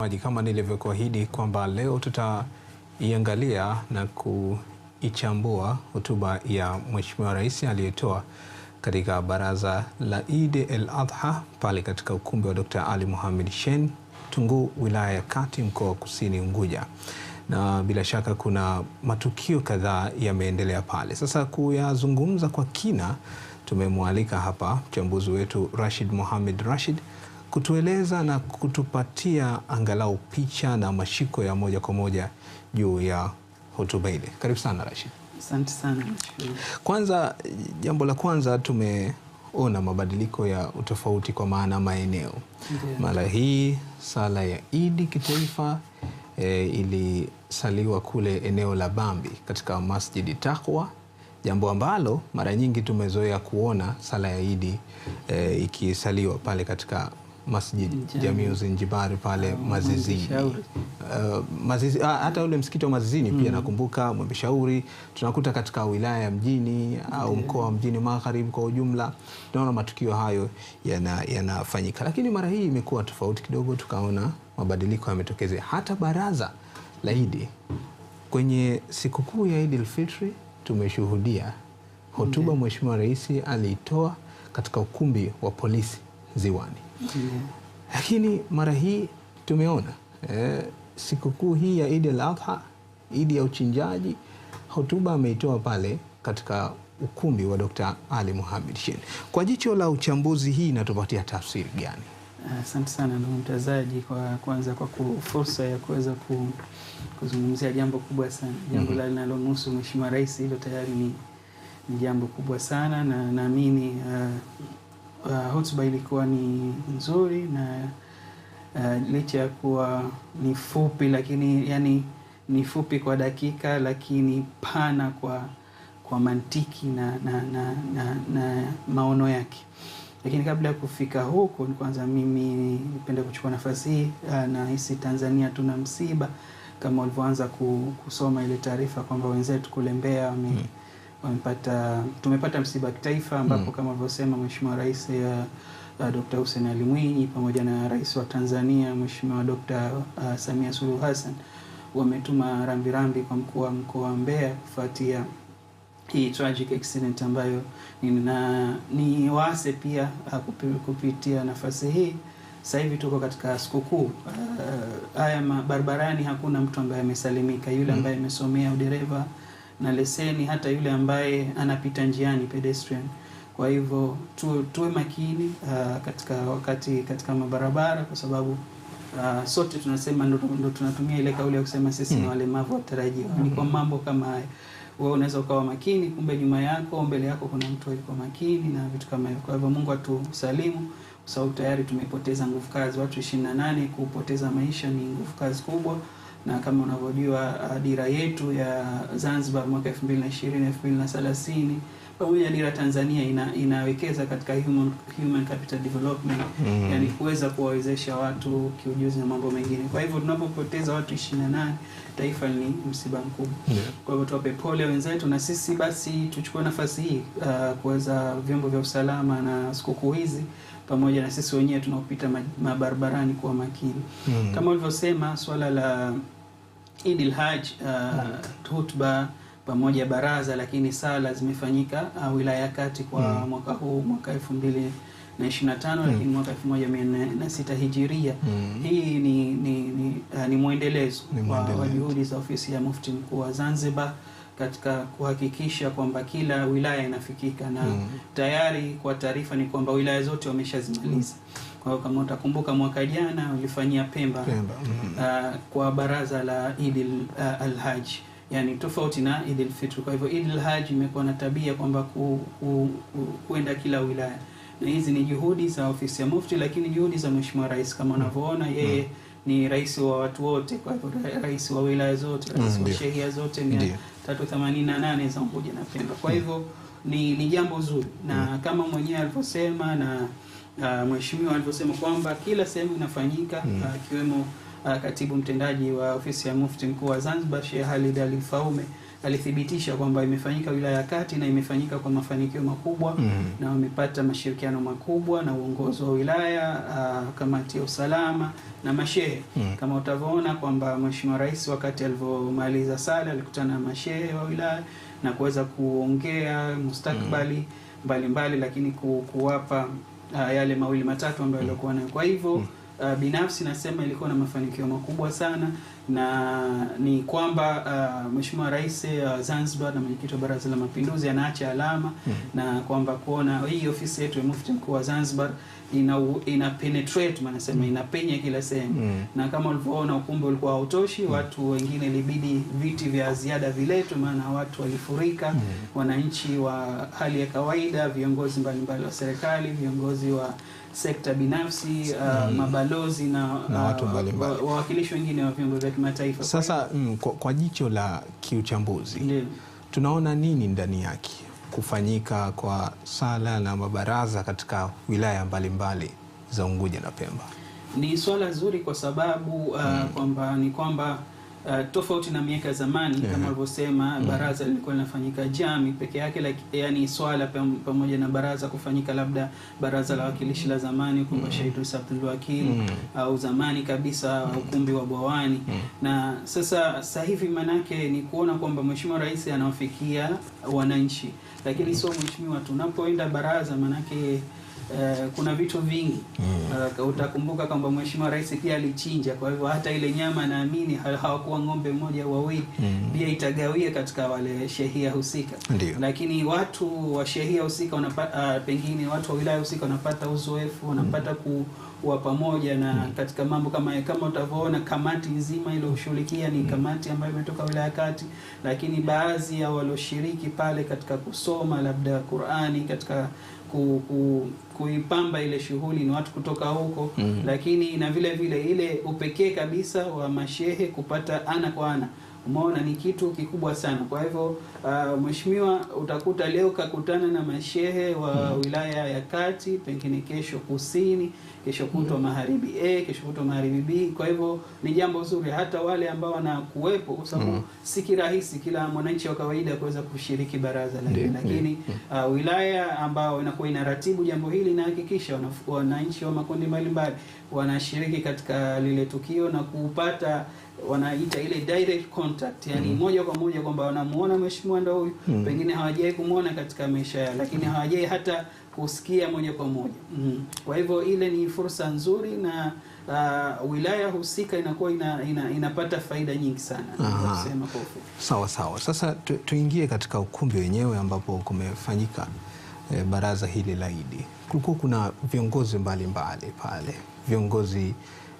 Maji kama nilivyokuahidi kwamba leo tutaiangalia na kuichambua hotuba ya Mheshimiwa Rais aliyetoa katika baraza la Eid el adha pale katika ukumbi wa Dr. Ali Mohamed Shein Tunguu, wilaya ya Kati, mkoa wa Kusini Unguja, na bila shaka kuna matukio kadhaa yameendelea pale. Sasa kuyazungumza kwa kina, tumemwalika hapa mchambuzi wetu Rashid Mohamed Rashid kutueleza na kutupatia angalau picha na mashiko ya moja kwa moja juu ya hotuba ile. Karibu sana Rashid. Asante sana. Kwanza, jambo la kwanza tumeona mabadiliko ya utofauti kwa maana maeneo. Mara hii sala ya Idi kitaifa e, ilisaliwa kule eneo la Bambi katika Masjidi Taqwa, jambo ambalo mara nyingi tumezoea kuona sala ya Idi e, ikisaliwa pale katika Masjid Jamiu Zinjibari pale ah, Mazizini, uh, Mazizi, uh, hata ule msikiti wa Mazizini mm. pia nakumbuka Mwembeshauri, tunakuta katika wilaya ya mjini mm. au mkoa wa mjini magharibi kwa ujumla, tunaona matukio hayo yanafanyika yana, lakini mara hii imekuwa tofauti kidogo, tukaona mabadiliko yametokezea. Hata baraza la Idi kwenye sikukuu ya Idil Fitri tumeshuhudia hotuba Mheshimiwa Rais aliitoa katika ukumbi wa polisi Ziwani lakini mara hii tumeona eh, sikukuu hii ya Idi al-Adha, Idi ya uchinjaji, hotuba ameitoa pale katika ukumbi wa Dr. Ali Mohamed Shein. Kwa jicho la uchambuzi, hii inatupatia tafsiri gani? Asante sana ndugu mtazaji, kwa kwanza kwa fursa ya kuweza kuzungumzia jambo kubwa sana mhm. jambo mm -hmm. linalomhusu Mheshimiwa Rais, hilo tayari ni, ni jambo kubwa sana na naamini uh, uh, hotuba ilikuwa ni nzuri na uh, licha ya kuwa ni fupi, lakini yani ni fupi kwa dakika, lakini pana kwa kwa mantiki na na, na, na, na maono yake. Lakini kabla ya kufika huko, kwanza mimi nipende kuchukua nafasi hii uh, na hisi Tanzania tuna msiba kama walivyoanza kusoma ile taarifa kwamba wenzetu kulembea wame mm wamepata tumepata msiba wa kitaifa ambapo mm. kama alivyosema Mheshimiwa Rais uh, eh, eh, Dr. Hussein Ali Mwinyi pamoja na Rais wa Tanzania Mheshimiwa Dr. uh, eh, Samia Suluhu Hassan wametuma rambirambi kwa mkuu wa mkoa wa Mbeya kufuatia hii tragic accident ambayo nina, ni waase pia uh, kupitia nafasi hii. Sasa hivi tuko katika sikukuu uh, barabarani, hakuna mtu ambaye amesalimika. Yule mm. ambaye amesomea udereva na leseni hata yule ambaye anapita njiani pedestrian. Kwa hivyo tu, tuwe makini uh, katika wakati katika mabarabara kwa sababu uh, sote tunasema ndo, ndo tunatumia ile kauli ya kusema sisi ni hmm. walemavu watarajiwa. Ni kwa hmm. mambo kama haya wewe unaweza ukawa makini, kumbe nyuma yako mbele yako kuna mtu alikuwa makini na vitu kama hivyo. Kwa hivyo Mungu atusalimu, kwa sababu tayari tumepoteza nguvu kazi. Watu 28 kupoteza maisha ni nguvu kazi kubwa na kama unavyojua uh, dira yetu ya Zanzibar mwaka 2020 2030 pamoja na dira Tanzania ina, inawekeza katika human, human capital development mm. Yani kuweza kuwawezesha watu kiujuzi na mambo mengine. Kwa hivyo tunapopoteza watu 28 taifa ni msiba mkubwa yeah. Kwa hivyo tuwape pole wenzetu, na sisi basi tuchukue nafasi hii uh, kuweza vyombo vya usalama na sikukuu hizi pamoja na sisi wenyewe tunaopita mabarabarani kuwa makini mm. Kama ulivyosema swala la al Haj uh, hmm. hutba pamoja baraza, lakini sala zimefanyika uh, wilaya ya Kati kwa mm. mwaka huu mwaka 2025 mbili mm. lakini mwaka elfu hijiria mm. hii ni, ni, ni, uh, ni mwendelezo wa juhudi za ofisi ya mufti mkuu wa Zanzibar katika kuhakikisha kwamba kila wilaya inafikika na mm. tayari kwa taarifa ni kwamba wilaya zote wameshazimaliza. Mm. Kwa hiyo kama utakumbuka mwaka jana ulifanyia Pemba, Pemba. Mm. Uh, kwa baraza la Idil uh, Alhaji yani tofauti na Idil Fitri. Kwa hivyo Idil Hajj imekuwa na tabia kwamba ku, ku, ku, kuenda kila wilaya, na hizi ni juhudi za ofisi ya Mufti, lakini juhudi za Mheshimiwa Rais kama mm. unavyoona yeye mm. ni rais wa watu wote, kwa hivyo rais wa wilaya zote, rais mm, wa sheria zote ni 388 za Unguja na Pemba. Kwa hivyo ni, ni jambo zuri na mm. kama mwenyewe alivyosema na uh, mheshimiwa alivyosema kwamba kila sehemu inafanyika mm. Uh, akiwemo mm. uh, katibu mtendaji wa ofisi ya Mufti mkuu wa Zanzibar Sheikh Halid Ali Faume alithibitisha kwamba imefanyika wilaya ya Kati na imefanyika kwa mafanikio makubwa mm -hmm. na wamepata mashirikiano makubwa na uongozi wa wilaya uh, kamati ya usalama na mashehe mm -hmm. kama utavyoona kwamba Mheshimiwa Rais wakati alivyomaliza sala alikutana na mashehe wa wilaya na kuweza kuongea mustakbali mm -hmm. mbalimbali, lakini ku, kuwapa uh, yale mawili matatu ambayo mm. aliokuwa nayo. Kwa hivyo mm. uh, binafsi nasema ilikuwa na mafanikio makubwa sana na ni kwamba uh, Mheshimiwa Rais wa uh, Zanzibar na mwenyekiti wa Baraza la Mapinduzi anaacha alama mm -hmm. na kwamba kuona hii ofisi yetu ya Mufti Mkuu wa Zanzibar ina, ina penetrate manasema hmm. inapenya kila sehemu mm -hmm. na kama ulivyoona ukumbi ulikuwa hautoshi, hmm. watu wengine ilibidi viti vya ziada viletwe, maana watu walifurika mm -hmm. wananchi wa hali ya kawaida, viongozi mbalimbali wa serikali, viongozi wa sekta binafsi uh, mm-hmm. mabalozi na, uh, na watu mbalimbali wawakilishi wengine wa vyombo vya kimataifa. Sasa mm, kwa, kwa jicho la kiuchambuzi Ndiyo. tunaona nini ndani yake kufanyika kwa sala na mabaraza katika wilaya mbalimbali mbali za Unguja na Pemba? Ni swala zuri kwa sababu uh, mm. kwamba ni kwamba Uh, tofauti na miaka ya zamani yeah. Kama alivyosema mm. baraza lilikuwa linafanyika jami peke yake like, yani swala pamoja na baraza kufanyika labda baraza la wakilishi la zamani kwa wa mm. Sheikh Idris Abdul Wakil mm. au zamani kabisa mm. ukumbi wa Bwawani mm. na sasa sasa hivi manake ni kuona kwamba mheshimiwa rais anawafikia wananchi, lakini mm. sio mheshimiwa, tunapoenda baraza manake Eh, kuna vitu vingi mm. Eh, utakumbuka kwamba Mheshimiwa Rais pia alichinja, kwa hivyo hata ile nyama naamini hawakuwa ng'ombe mmoja wawili mm. pia itagawia katika wale shehia husika Ndiyo. Lakini watu wa shehia husika wanapata uh, pengine watu wa wilaya husika wanapata uzoefu wanapata mm. ku wa pamoja na hmm. katika mambo kama kama utavyoona kamati nzima iliyoshughulikia ni mm. kamati ambayo imetoka wilaya kati, lakini baadhi ya walioshiriki pale katika kusoma labda Qur'ani katika ku, ku, kuipamba ile shughuli ni watu kutoka huko mm -hmm. Lakini na vile vile ile upekee kabisa wa mashehe kupata ana kwa ana Umeona ni kitu kikubwa sana. Kwa hivyo uh, mheshimiwa, utakuta leo kakutana na mashehe wa mm. wilaya ya Kati, pengine kesho Kusini, kesho hmm. kutwa mm. Magharibi A, kesho kutwa Magharibi B. Kwa hivyo ni jambo zuri, hata wale ambao wanakuwepo, kwa sababu mm. si kirahisi kila mwananchi wa kawaida kuweza kushiriki baraza la dini, lakini hmm. uh, wilaya ambao inakuwa inaratibu jambo hili inahakikisha wananchi wa makundi mbalimbali wanashiriki katika lile tukio na kupata wanaita ile direct contact, yani mm. moja kwa moja kwamba wanamuona mheshimiwa ndo huyu mm. pengine hawajai kumwona katika maisha yao, lakini mm. Mm-hmm. hawajai hata kusikia moja kwa moja mm. kwa hivyo ile ni fursa nzuri na uh, wilaya husika inakuwa ina, ina, inapata faida nyingi sana kusema kwa ufupi. Sawa sawa. Sasa tu, tuingie katika ukumbi wenyewe ambapo kumefanyika eh, baraza hili la Idi. Kulikuwa kuna viongozi mbalimbali mbali pale, viongozi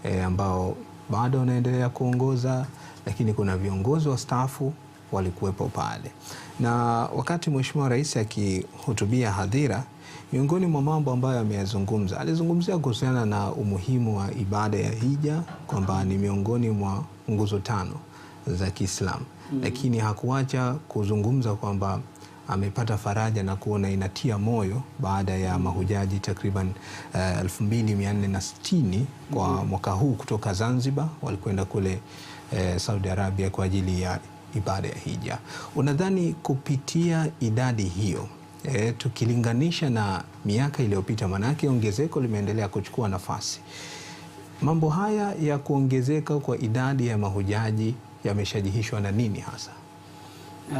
E, ambao bado wanaendelea kuongoza, lakini kuna viongozi wa stafu walikuwepo pale. Na wakati Mheshimiwa Rais akihutubia hadhira, miongoni mwa mambo ambayo ameyazungumza, alizungumzia kuhusiana na umuhimu wa ibada ya hija kwamba ni miongoni mwa nguzo tano za Kiislamu, mm -hmm. lakini hakuacha kuzungumza kwamba amepata faraja na kuona inatia moyo baada ya mahujaji takriban uh, eh, 2460 kwa mm-hmm. mwaka huu kutoka Zanzibar walikwenda kule uh, Saudi Arabia kwa ajili ya ibada ya hija. Unadhani kupitia idadi hiyo E, tukilinganisha na miaka iliyopita, maanake ongezeko limeendelea kuchukua nafasi. Mambo haya ya kuongezeka kwa idadi ya mahujaji yameshajihishwa na nini hasa?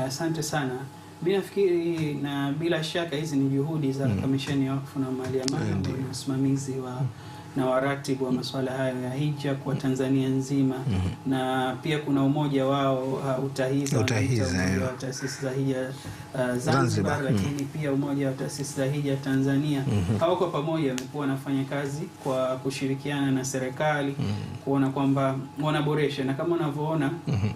Asante uh, sana. Mimi nafikiri na bila shaka hizi ni juhudi za mm. Kamisheni ya Wakfu na Maliasili ambayo ni msimamizi wa mm. na waratibu wa masuala hayo ya hija kwa mm. Tanzania nzima mm -hmm. na pia kuna umoja wao uh, utahiza umoja wa taasisi za hija uh, Zanzibar, mm. lakini mm -hmm. pia umoja wa taasisi za hija Tanzania mm mm-hmm. -hmm. kwa pamoja wamekuwa wanafanya kazi kwa kushirikiana na serikali mm -hmm. kuona kwamba wanaboresha na kama unavyoona mm -hmm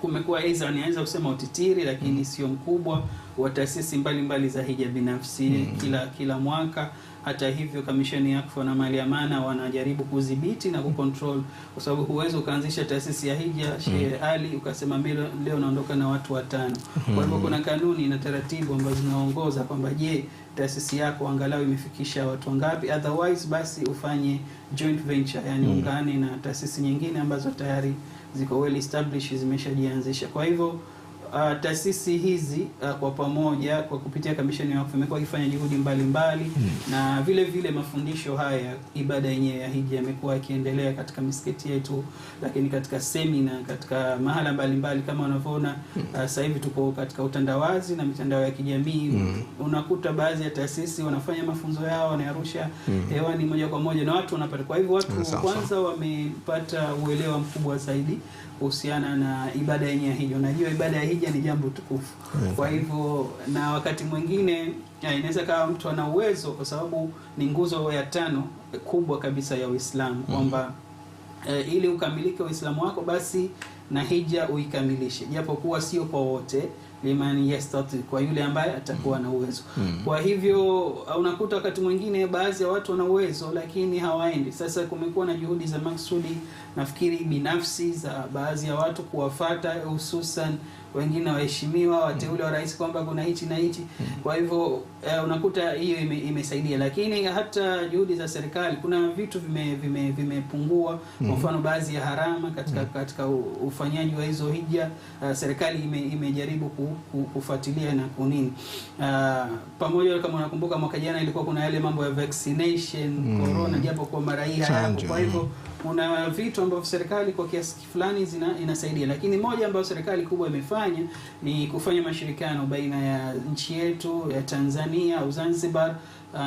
kumekuwa aidha, nianza kusema utitiri, lakini sio mkubwa wa taasisi mbalimbali za hija binafsi mm. kila kila mwaka. Hata hivyo, kamisheni ya na Mali Amana wanajaribu kudhibiti na kucontrol, kwa sababu huwezi ukaanzisha taasisi ya hija mm. Shehe mm. Ali ukasema mbele leo naondoka na watu watano mm. kwa hivyo kuna kanuni na taratibu ambazo zinaongoza kwamba je, taasisi yako angalau imefikisha watu wangapi? Otherwise basi ufanye joint venture, yani mm. ungane na taasisi nyingine ambazo tayari ziko well established, zimeshajianzisha. Kwa hivyo uh, taasisi hizi uh, kwa pamoja kwa kupitia kamisheni ya wakfu imekuwa ikifanya juhudi mbalimbali mm. na vile vile mafundisho haya ibada yenyewe ya hiji yamekuwa yakiendelea katika misikiti yetu, lakini katika semina, katika mahala mbalimbali mbali, kama unavyoona mm. uh, sasa hivi tuko katika utandawazi na mitandao ya kijamii mm. unakuta baadhi ya taasisi wanafanya mafunzo yao wanayarusha mm. hewani moja kwa moja na watu wanapata. Kwa hivyo watu kwanza wamepata uelewa mkubwa zaidi kuhusiana na ibada yenye ya hija. Unajua, ibada ya hija ni jambo tukufu, mm. kwa hivyo na wakati mwingine inaweza kawa mtu ana uwezo, kwa sababu ni nguzo ya tano kubwa kabisa ya Uislamu mm. kwamba e, ili ukamilike Uislamu wako basi na hija uikamilishe, japo kuwa sio kwa wote limani yastati, kwa yule ambaye atakuwa na uwezo mm. Kwa hivyo unakuta wakati mwingine baadhi ya watu wana uwezo lakini hawaendi. Sasa kumekuwa na juhudi za maksudi nafikiri binafsi za baadhi ya watu kuwafata, hususan wengine waheshimiwa wateule wa rais kwamba kuna hichi na hichi. Kwa hivyo uh, unakuta hiyo ime, imesaidia, lakini hata juhudi za serikali kuna vitu vimepungua vime, vime kwa mfano baadhi ya harama katika, katika ufanyaji wa hizo hija uh, serikali ime, imejaribu ku, ku, kufuatilia na kunini uh, pamoja. Kama unakumbuka mwaka jana ilikuwa kuna yale mambo ya vaccination mm. corona, japo kwa mara hii hayapo, kwa hivyo kuna vitu ambavyo serikali kwa kiasi fulani inasaidia, lakini moja ambayo serikali kubwa imefanya ni kufanya mashirikiano baina ya nchi yetu ya Tanzania au Zanzibar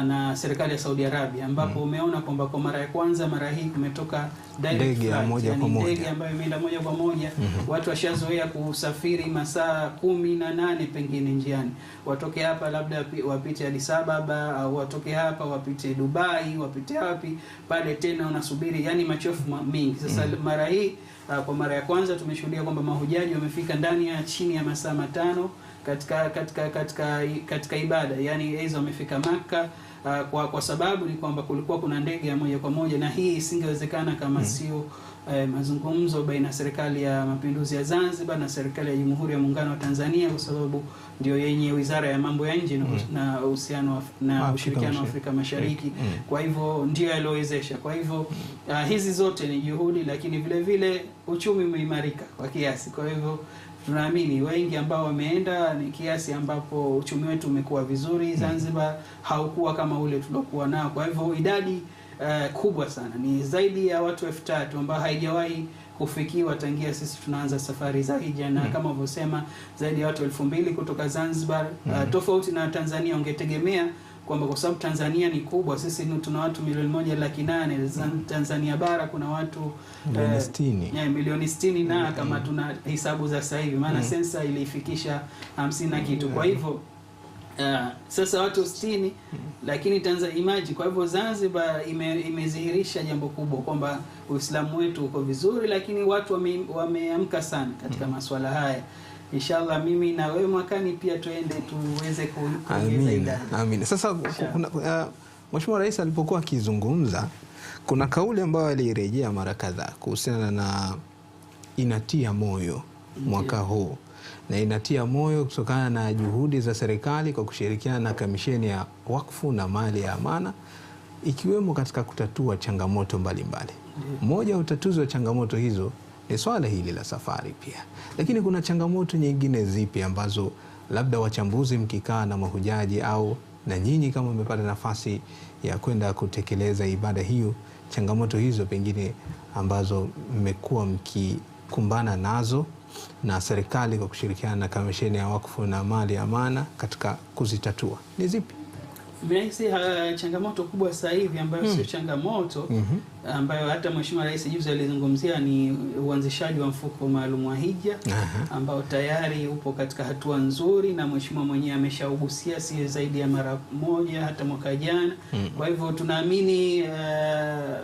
na serikali ya Saudi Arabia ambapo mm. umeona kwamba kwa mara ya kwanza mara hii kumetoka ndege ya moja kwa moja, ndege ambayo imeenda moja kwa moja. Mm-hmm. Watu washazoea kusafiri masaa kumi na nane pengine njiani, watoke hapa labda wapite Addis Ababa, au watoke hapa wapite Dubai, wapite wapi pale tena unasubiri, yani machofu mengi. Sasa mm. mara hii uh, kwa mara ya kwanza tumeshuhudia kwamba mahujaji wamefika ndani ya chini ya masaa matano katika katika katika katika ibada, yani aidha wamefika Maka uh, kwa, kwa sababu ni kwamba kulikuwa kuna ndege ya moja kwa moja, na hii isingewezekana kama mm. sio uh, mazungumzo baina ya serikali ya mapinduzi ya Zanzibar na serikali ya Jamhuri ya Muungano wa Tanzania, kwa sababu ndio yenye wizara ya mambo ya nje mm. na uhusiano na ah, ushirikiano wa Afrika Mashariki mm. kwa hivyo ndio yaliowezesha. Kwa hivyo uh, hizi zote ni juhudi, lakini vile vile uchumi umeimarika kwa kiasi, kwa hivyo tunaamini wengi ambao wameenda ni kiasi ambapo uchumi wetu umekuwa vizuri. Hmm. Zanzibar haukuwa kama ule tuliokuwa nao, kwa hivyo idadi uh, kubwa sana ni zaidi ya watu elfu tatu ambao haijawahi kufikiwa tangia sisi tunaanza safari za hija na mm. kama ulivyosema zaidi ya watu elfu mbili kutoka Zanzibar mm. uh, tofauti na Tanzania ungetegemea kwamba kwa sababu Tanzania ni kubwa, sisi tuna watu milioni moja laki nane mm. Tanzania bara kuna watu eh, eh, milioni sitini na mm. kama mm. tuna hesabu za sasa hivi, maana sensa ilifikisha hamsini na kitu. Kwa hivyo Uh, sasa watu sitini mm -hmm. Lakini Tanzania imaji. Kwa hivyo Zanzibar ime, imedhihirisha jambo kubwa kwamba Uislamu wetu uko vizuri, lakini watu wameamka wame sana katika mm -hmm. masuala haya. Inshallah mimi na wewe mwakani pia tuende tuweze kuongeza idadi. Sasa kuna, uh, Mheshimiwa Rais alipokuwa akizungumza kuna kauli ambayo alirejea mara kadhaa kuhusiana na inatia moyo mwaka huu na inatia moyo kutokana na juhudi za serikali kwa kushirikiana na Kamisheni ya Wakfu na Mali ya Amana ikiwemo katika kutatua changamoto mbalimbali mbali. Moja ya utatuzi wa changamoto hizo e, swala hili la safari pia. Lakini kuna changamoto nyingine zipi ambazo labda wachambuzi mkikaa na mahujaji au na nyinyi kama mmepata nafasi ya kwenda kutekeleza ibada hiyo, changamoto hizo pengine ambazo mmekuwa mkikumbana nazo na serikali kwa kushirikiana na Kamisheni ya Wakfu na Mali ya Amana katika kuzitatua ni zipi? Nahisi uh, changamoto kubwa sasa hivi ambayo mm. sio hmm. changamoto mm -hmm. ambayo hata Mheshimiwa Rais juzi alizungumzia ni uanzishaji wa mfuko maalum wa hija ambao tayari upo katika hatua nzuri, na mheshimiwa mwenyewe ameshaugusia si zaidi ya mara moja hata mwaka jana mm. kwa hivyo tunaamini uh,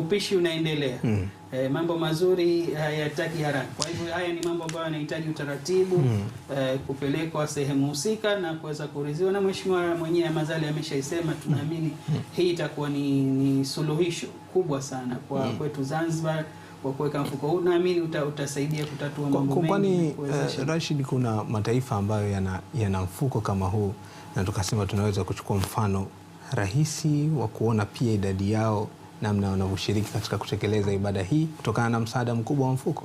upishi unaendelea mm. E, mambo mazuri eh, hayataki haraka. Kwa hivyo haya ni mambo ambayo yanahitaji utaratibu mm. E, kupelekwa sehemu husika na kuweza kuridhiwa na mheshimiwa mwenyewe Mazali ameshaisema, tunaamini mm. hii itakuwa ni, ni suluhisho kubwa sana kwa mm. kwetu Zanzibar kwa kuweka mfuko huu, naamini uta, utasaidia kutatua mambo mengi. Uh, Rashid, kuna mataifa ambayo yana, yana mfuko kama huu na tukasema tunaweza kuchukua mfano rahisi wa kuona pia idadi yao namna wanavyoshiriki katika kutekeleza ibada hii kutokana na msaada mkubwa wa mfuko?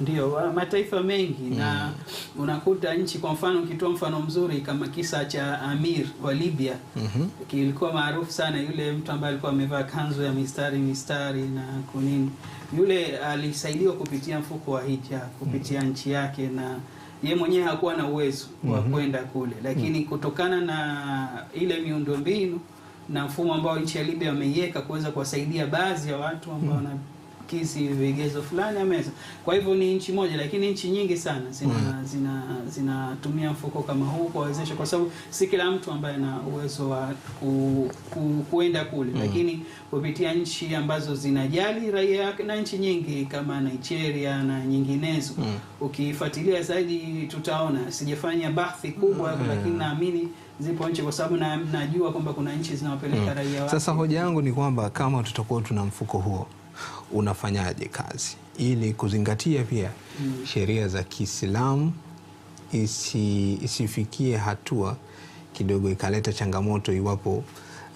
Ndio, mataifa mengi mm. na hmm. unakuta nchi, kwa mfano ukitoa mfano mzuri kama kisa cha Amir wa Libya mm -hmm. kilikuwa maarufu sana, yule mtu ambaye alikuwa amevaa kanzu ya mistari mistari na kunini, yule alisaidiwa kupitia mfuko wa hija kupitia mm -hmm. nchi yake na ye mwenyewe hakuwa na uwezo wa mm -hmm. kwenda kule, lakini mm -hmm. kutokana na ile miundombinu na mfumo ambao nchi ya Libya wameiweka kuweza kuwasaidia baadhi ya watu ambao mm kisi vigezo fulani ameweza. Kwa hivyo ni nchi moja, lakini nchi nyingi sana zina mm. zina zinatumia mfuko kama huu kuwawezesha, kwa sababu si kila mtu ambaye ana uwezo wa ku, ku, kuenda kule mm. lakini kupitia nchi ambazo zinajali raia yake na nchi nyingi kama Nigeria na nyinginezo mm. ukifuatilia zaidi tutaona. Sijafanya bahthi kubwa mm. lakini naamini zipo nchi kwa sababu na, najua kwamba kuna nchi zinawapeleka mm. raia wao. Sasa hoja yangu ni kwamba kama tutakuwa tuna mfuko huo unafanyaje kazi ili kuzingatia pia mm. sheria za Kiislamu isi, isifikie hatua kidogo ikaleta changamoto iwapo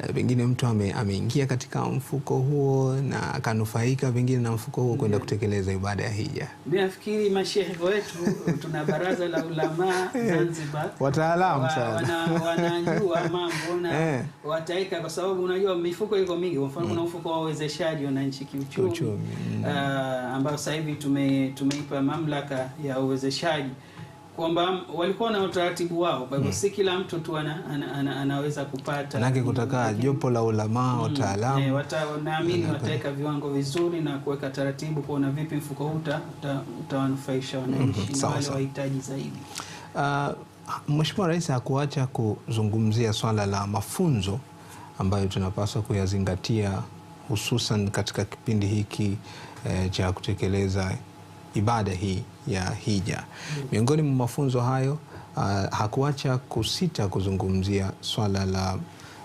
Eh, pengine mtu ame, ameingia katika mfuko huo na akanufaika pengine na mfuko huo kwenda mm. kutekeleza ibada ya hija. Mimi nafikiri mashehe wetu tuna baraza la ulamaa eh, Zanzibar, wataalamu sana, wanajua mambo na eh. wataika, kwa sababu unajua mifuko iko mingi. Kwa mfano mm. kuna mfuko wa uwezeshaji wananchi kiuchumi, mm. ah, ambao sasa hivi tume tumeipa mamlaka ya uwezeshaji kwamba walikuwa na utaratibu wao. Kwa hivyo mm. si kila mtu tu ana, ana, ana, anaweza kupata, nake kutakaa hmm. jopo la ulamaa hmm. wataalamu, eh, wanaamini mm. e, wataweka viwango vizuri na kuweka taratibu kuona vipi mfuko huu utawanufaisha uta, wananchi mm -hmm. wale wahitaji zaidi. Uh, Mheshimiwa Rais hakuacha kuzungumzia swala la mafunzo ambayo tunapaswa kuyazingatia hususan katika kipindi hiki eh, cha kutekeleza ibada hii ya hija. Miongoni mwa mafunzo hayo uh, hakuacha kusita kuzungumzia swala la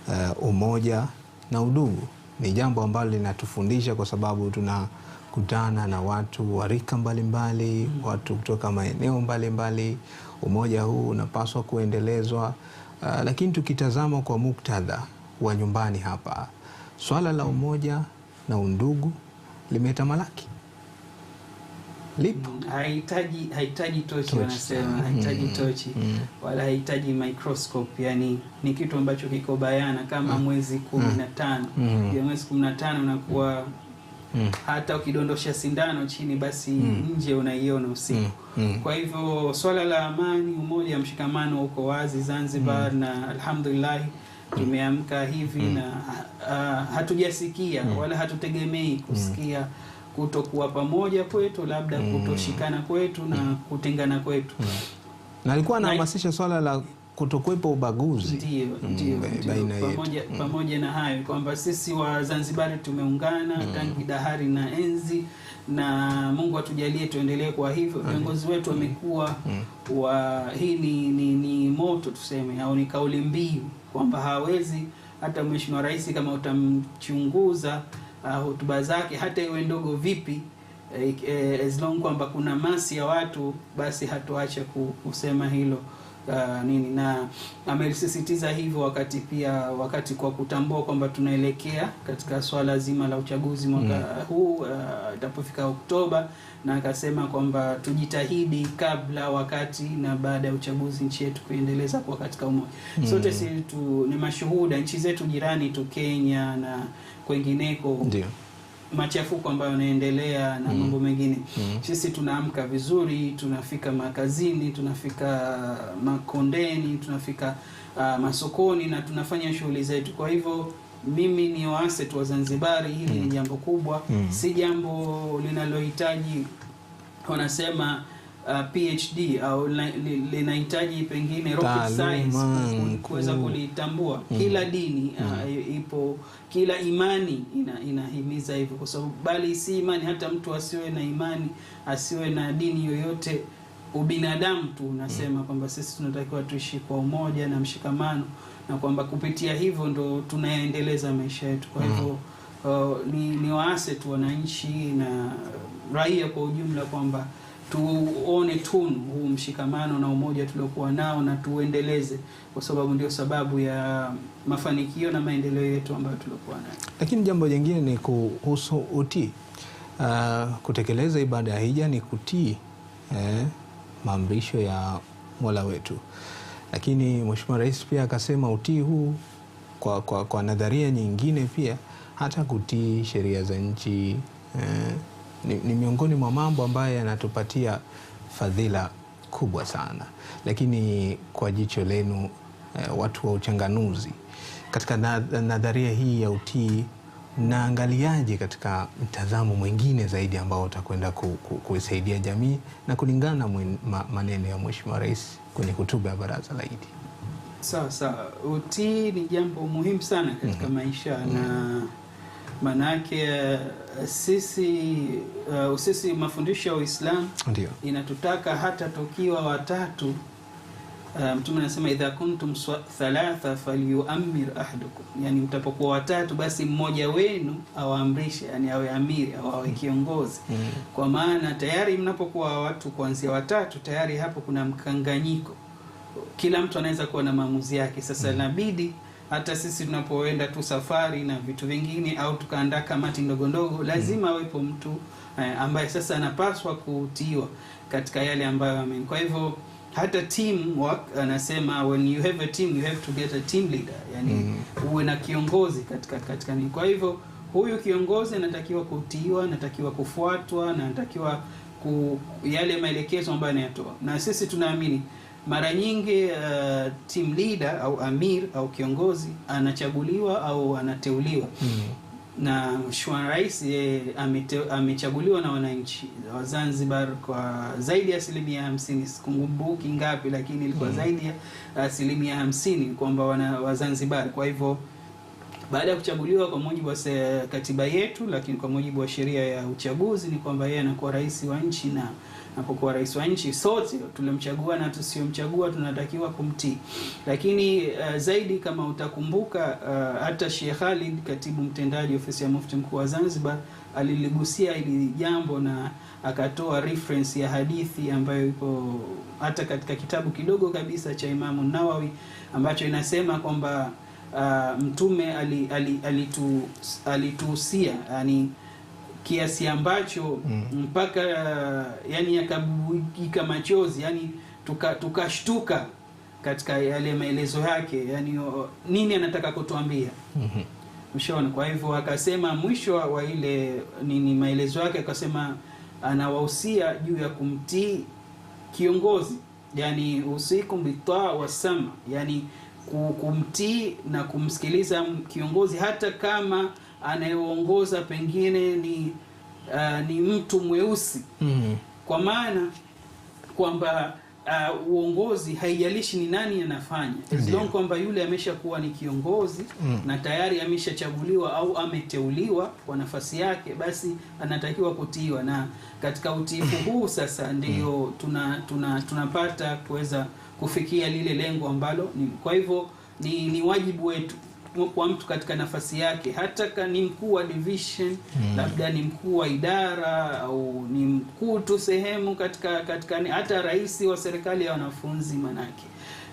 uh, umoja na udugu. Ni jambo ambalo linatufundisha kwa sababu tunakutana na watu wa rika mbalimbali, watu kutoka maeneo mbalimbali. Umoja huu unapaswa kuendelezwa. Uh, lakini tukitazama kwa muktadha wa nyumbani hapa, swala la umoja na undugu limetamalaki lipo, mm, hahitaji hahitaji tochi, wanasema mm, hahitaji mm, tochi wala hahitaji microscope, yani ni kitu ambacho kiko bayana kama mm. mwezi kumi na mm. ya mwezi kumi na tano unakuwa Mm. hata ukidondosha sindano chini basi mm. nje unaiona usiku mm. mm. Kwa hivyo swala la amani, umoja, mshikamano uko wazi Zanzibar mm. na alhamdulillah tumeamka hivi mm. na uh, ah, ah, hatujasikia mm. wala hatutegemei kusikia mm kutokuwa pamoja kwetu, labda mm. kutoshikana kwetu na mm. kutengana kwetu, mm. na alikuwa anahamasisha swala la kutokuwepo ubaguzi. Ndiyo, ndiyo, ndiyo. Pamoja, pamoja na hayo kwamba sisi Wazanzibari tumeungana mm. tangi dahari na enzi, na Mungu atujalie tuendelee. Kwa hivyo viongozi wetu wamekuwa mm. wa hii ni, ni, ni moto tuseme, au ni kauli mbiu kwamba hawezi hata Mheshimiwa Rais kama utamchunguza Uh, hotuba uh, zake hata iwe ndogo vipi eh, eh, as long kwamba kuna masi ya watu basi hatuache kusema hilo uh, nini na amelisisitiza hivyo wakati pia wakati kwa kutambua kwamba tunaelekea katika swala zima la uchaguzi mwaka mm. huu uh, itapofika uh, Oktoba na akasema kwamba tujitahidi kabla, wakati na baada ya uchaguzi nchi yetu kuendeleza kuwa katika umoja mm. sote si tu ni mashuhuda nchi zetu jirani tu Kenya na kwengineko machafuko ambayo yanaendelea na mm. mambo mm. mengine mm. sisi tunaamka vizuri, tunafika makazini, tunafika makondeni, tunafika uh, masokoni na tunafanya shughuli zetu. Kwa hivyo mimi ni waase tu wa Zanzibari, hili mm. ni jambo kubwa mm. si jambo linalohitaji wanasema uh, PhD au linahitaji pengine rocket science mm. kuweza kulitambua. Mm. Kila dini mm. uh, ipo, kila imani ina, inahimiza hivyo, kwa sababu bali si imani, hata mtu asiwe na imani asiwe na dini yoyote ubinadamu tu unasema mm, kwamba sisi tunatakiwa tuishi kwa umoja na mshikamano na kwamba kupitia hivyo ndo tunaendeleza maisha yetu. Kwa hivyo mm, uh, ni, ni waase tu wananchi na raia kwa ujumla kwamba tuone tunu huu mshikamano na umoja tuliokuwa nao na tuendeleze, kwa sababu ndio sababu ya mafanikio na maendeleo yetu ambayo tuliokuwa nayo. Lakini jambo jingine ni kuhusu utii. Uh, kutekeleza ibada ya hija ni kutii eh, maamrisho ya Mola wetu, lakini Mheshimiwa Rais pia akasema utii huu kwa, kwa, kwa nadharia nyingine pia hata kutii sheria za nchi eh, ni, ni miongoni mwa mambo ambayo yanatupatia fadhila kubwa sana. Lakini kwa jicho lenu eh, watu wa uchanganuzi, katika nadharia hii ya utii naangaliaje katika mtazamo mwingine zaidi ambao utakwenda ku, ku, jamii na kulingana na ma, maneno ya Mheshimiwa Rais kwenye hotuba ya Baraza la Idi? Sawa sawa, utii ni jambo muhimu sana katika mm -hmm. maisha mm -hmm. na Manake eh, sisi uh, sisi mafundisho ya Uislamu ndio inatutaka hata tukiwa watatu eh, Mtume um, anasema idha kuntum thalatha falyuamir ahadukum, yani mtapokuwa watatu basi mmoja wenu awaamrishe, yani awe amiri au awe hmm. kiongozi mm. Kwa maana tayari mnapokuwa watu kuanzia watatu tayari hapo kuna mkanganyiko, kila mtu anaweza kuwa na maamuzi yake. Sasa hmm. inabidi mm hata sisi tunapoenda tu safari na vitu vingine au tukaandaa kamati ndogo ndogo, mm. lazima mm. awepo mtu eh, ambaye sasa anapaswa kutiwa katika yale ambayo ame. Kwa hivyo hata team work anasema when you have a team you have to get a team leader, yani mm. uwe na kiongozi katika katika nini. Kwa hivyo huyu kiongozi anatakiwa kutiwa, anatakiwa kufuatwa na anatakiwa ku, yale maelekezo ambayo anayatoa, na sisi tunaamini mara nyingi uh, team leader au amir au kiongozi anachaguliwa au anateuliwa mm. na Mheshimiwa Rais yeye amechaguliwa na wananchi wa Zanzibar kwa zaidi ya asilimia hamsini, sikumbuki ngapi, lakini ilikuwa mm. zaidi ya asilimia hamsini kwamba wana Kwa hivyo baada ya kuchaguliwa kwa mujibu wa katiba yetu, lakini kwa mujibu wa sheria ya uchaguzi ni kwamba yeye anakuwa rais wa nchi na anapokuwa rais wa nchi. Sote tulimchagua na tusiomchagua tunatakiwa kumtii. Lakini uh, zaidi kama utakumbuka uh, hata Sheikh Khalid, katibu mtendaji ofisi ya mufti mkuu wa Zanzibar, aliligusia hili jambo na akatoa reference ya hadithi ambayo ipo hata katika kitabu kidogo kabisa cha Imamu Nawawi ambacho inasema kwamba uh, Mtume alituhusia ali, ali, ali yani kiasi ambacho mm. mpaka yani yakabuika machozi yani tukashtuka tuka katika yale maelezo yake yani o, nini anataka kutuambia mm -hmm. mshoni. Kwa hivyo akasema mwisho wa ile nini maelezo yake akasema anawahusia juu ya kumtii kiongozi, yani usiku bitaa wasama, yani kumtii na kumsikiliza kiongozi hata kama anayeongoza pengine ni uh, ni mtu mweusi mm -hmm. kwa maana kwamba uh, uongozi haijalishi ni nani anafanya as kwamba yule ameshakuwa ni kiongozi mm. na tayari ameshachaguliwa au ameteuliwa kwa nafasi yake, basi anatakiwa kutiiwa, na katika utiifu huu sasa ndiyo mm. tuna, tuna, tunapata kuweza kufikia lile lengo ambalo ni, kwa hivyo ni, ni wajibu wetu kwa mtu katika nafasi yake, hata ni mkuu wa division mm. labda ni mkuu wa idara au ni mkuu tu sehemu katika katika, hata rais wa serikali ya wanafunzi manake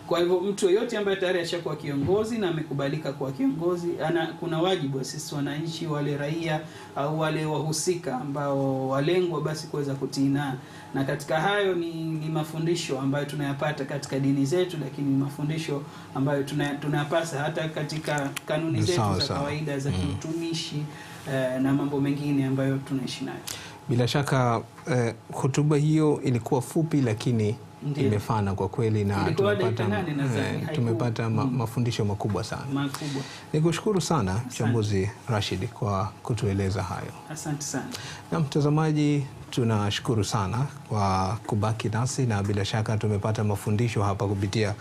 kwa hivyo mtu yeyote ambaye tayari ashakuwa kiongozi na amekubalika kuwa kiongozi ana, kuna wajibu wa sisi wananchi wale raia au wale wahusika ambao walengwa basi kuweza kutiina, na katika hayo ni, ni mafundisho ambayo tunayapata katika dini zetu, lakini ni mafundisho ambayo tunayapasa hata katika kanuni zetu sao, za kawaida za mm. kiutumishi mm, na mambo mengine ambayo tunaishi nayo. Bila shaka eh, hotuba hiyo ilikuwa fupi lakini imefana kwa kweli na tumepata, eh, tumepata ma, eh, mm. mafundisho makubwa sana makubwa. Nikushukuru sana Mchambuzi Rashid kwa kutueleza hayo. Asante sana. Na mtazamaji tunashukuru sana kwa kubaki nasi na bila shaka tumepata mafundisho hapa kupitia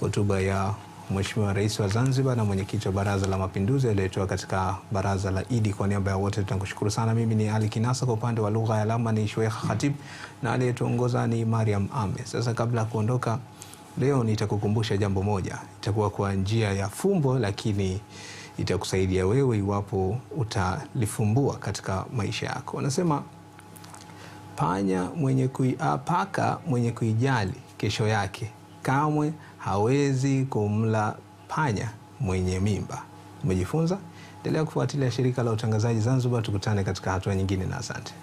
hotuba ya Mheshimiwa Rais wa Zanzibar na mwenyekiti wa Baraza la Mapinduzi aliyetoa katika baraza la Idi. Kwa niaba ya wote tunakushukuru sana. Mimi ni Ali Kinasa, kwa upande wa lugha ya alama ni Shweikh Khatib na aliyetuongoza ni Mariam Ame. Sasa kabla ya kuondoka leo, nitakukumbusha jambo moja, itakuwa kwa njia ya fumbo, lakini itakusaidia wewe iwapo utalifumbua katika maisha yako. Wanasema panya mwenye kui, ah, paka mwenye kuijali kesho yake kamwe hawezi kumla panya mwenye mimba. Umejifunza? Endelea kufuatilia shirika la utangazaji Zanzibar. Tukutane katika hatua nyingine, na asante.